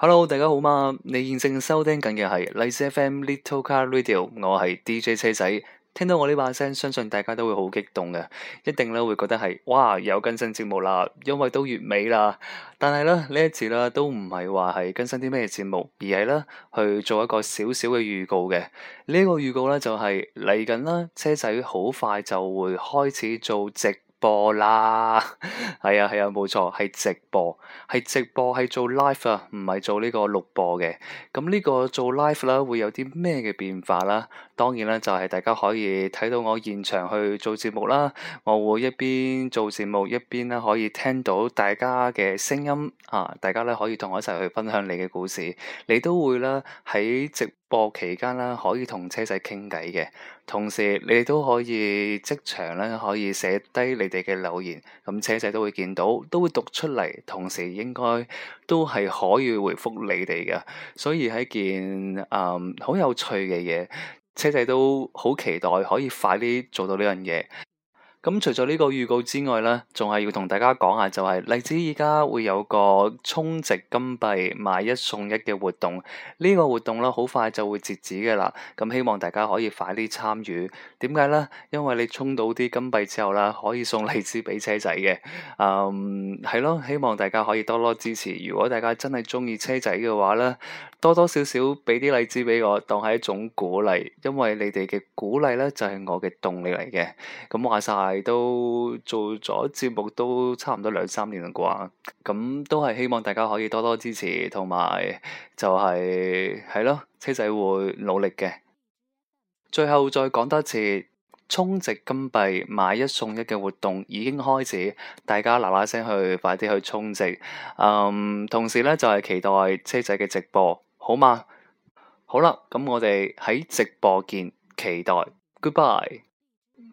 Hello，大家好嘛！你現正收聽緊嘅係荔枝 FM Little Car Radio，我係 DJ 車仔。聽到我呢把聲，相信大家都會好激動嘅，一定咧會覺得係，哇，有更新節目啦，因為都月尾啦。但係咧呢一次咧都唔係話係更新啲咩節目，而係咧去做一個小小嘅預告嘅。呢、這個預告咧就係嚟緊啦，車仔好快就會開始做直播啦，係 啊，係啊，冇錯，係直播，係直播，係做 live 啊，唔係做呢個錄播嘅。咁呢個做 live 啦、啊，會有啲咩嘅變化啦？當然啦，就係、是、大家可以睇到我現場去做節目啦。我會一邊做節目一邊咧，可以聽到大家嘅聲音啊，大家咧可以同我一齊去分享你嘅故事，你都會啦，喺直播期間啦，可以同車仔傾偈嘅，同時你都可以即場咧，可以寫低你哋嘅留言，咁車仔都會見到，都會讀出嚟，同時應該都係可以回覆你哋嘅，所以係一件誒好、嗯、有趣嘅嘢，車仔都好期待可以快啲做到呢樣嘢。咁、嗯、除咗呢個預告之外咧，仲係要同大家講下、就是，就係荔枝而家會有個充值金幣買一送一嘅活動。呢、這個活動咧，好快就會截止嘅啦。咁、嗯、希望大家可以快啲參與。點解咧？因為你充到啲金幣之後啦，可以送荔枝俾車仔嘅。嗯，係咯，希望大家可以多多支持。如果大家真係鍾意車仔嘅話咧。多多少少畀啲荔枝畀我，當係一種鼓勵，因為你哋嘅鼓勵咧就係、是、我嘅動力嚟嘅。咁、嗯、話晒都做咗節目都差唔多兩三年啦啩，咁、嗯、都係希望大家可以多多支持，同埋就係、是、係咯，車仔會努力嘅。最後再講多次，充值金幣買一送一嘅活動已經開始，大家嗱嗱聲去快啲去充值。嗯，同時咧就係、是、期待車仔嘅直播。好嘛，好啦，咁我哋喺直播見，期待，goodbye。拜拜。